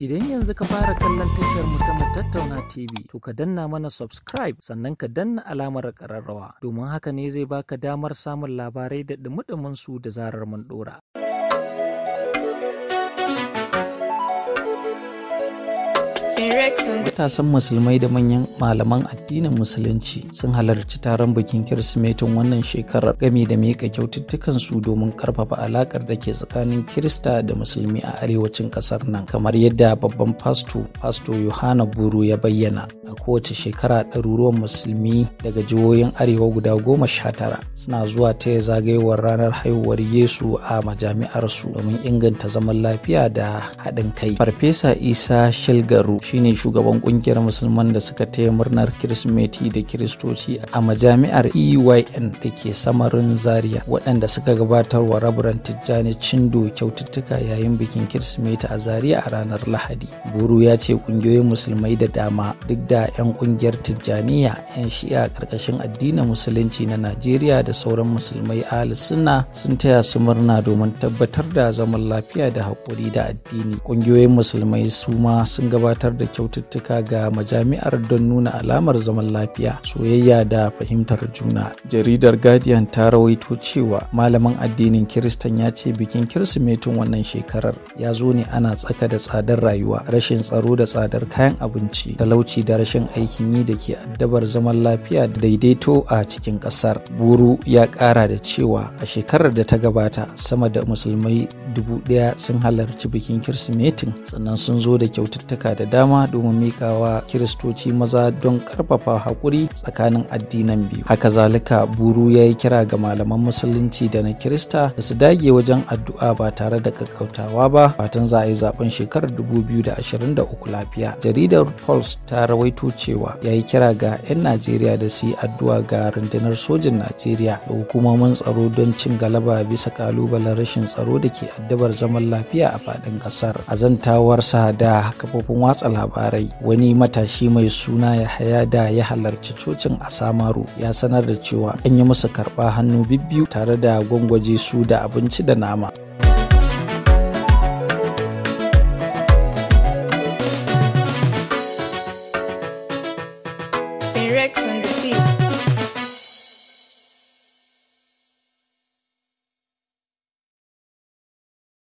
Idan yanzu ka fara kallon tashar mu ta tattauna TV, to ka danna mana subscribe sannan ka danna alamar ƙararrawa, domin haka ne zai baka damar samun labarai da dumi su da zarar mun ɗora. Matasan musulmai da manyan malaman addinin musulunci sun halarci taron bikin Kirsimetin wannan shekarar gami da mika kyaututtukan su domin karfafa alakar da ke tsakanin Kirista da musulmi a arewacin kasar nan kamar yadda babban fasto fasto Yohana Buru ya bayyana a kowace shekara ɗaruruwan musulmi daga jihohin arewa guda goma sha tara suna zuwa taya zagayowar ranar haihuwar Yesu a majami'arsu domin inganta zaman lafiya da haɗin kai. Farfesa Isa Shilgaru shine shugaban kungiyar musulman da suka taya murnar kirsimeti da kiristoci a majami'ar eyn da ke samarin zaria waɗanda suka gabatar wa rabaran tijjani cindo kyaututtuka yayin bikin kirsimeti a zaria a ranar lahadi buru ya ce kungiyoyin musulmai da dama duk da 'yan kungiyar tijjaniya 'yan shi'a karkashin addinin musulunci na najeriya da sauran musulmai ahli suna sun taya su murna domin tabbatar da zaman lafiya da haƙuri da addini ƙungiyoyin musulmai su ma sun gabatar da kyaututtuka ga majami'ar don nuna alamar zaman lafiya soyayya da fahimtar juna jaridar guardian ta rawaito cewa malamin addinin kiristan ya ce bikin kirsimetin wannan shekarar ya zo ne ana tsaka da tsadar rayuwa rashin tsaro da tsadar kayan abinci talauci da rashin aikin yi da ke addabar zaman lafiya da daidaito a cikin kasar buru ya kara da cewa a shekarar da ta gabata sama da musulmai dubu daya sun halarci bikin kirsimetin sannan sun zo da kyaututtuka da dama dama domin mikawa kiristoci maza don karfafa haƙuri tsakanin addinan biyu haka zalika buru ya yi kira ga malaman musulunci da na kirista da su dage wajen addu'a ba tare da kakkautawa ba fatan za a yi zaben shekarar 2023 lafiya jaridar pulse ta rawaito cewa ya yi kira ga 'yan najeriya da su yi addu'a ga rundunar sojin najeriya da hukumomin tsaro don cin galaba bisa kalubalen rashin tsaro da ke addabar zaman lafiya a faɗin ƙasar a sa da kafofin watsa labarai wani matashi mai suna ya haya da ya halarci cocin a samaru ya sanar da cewa an yi musu karɓa hannu bibbiyu tare da gwangwaje su da abinci da nama Rex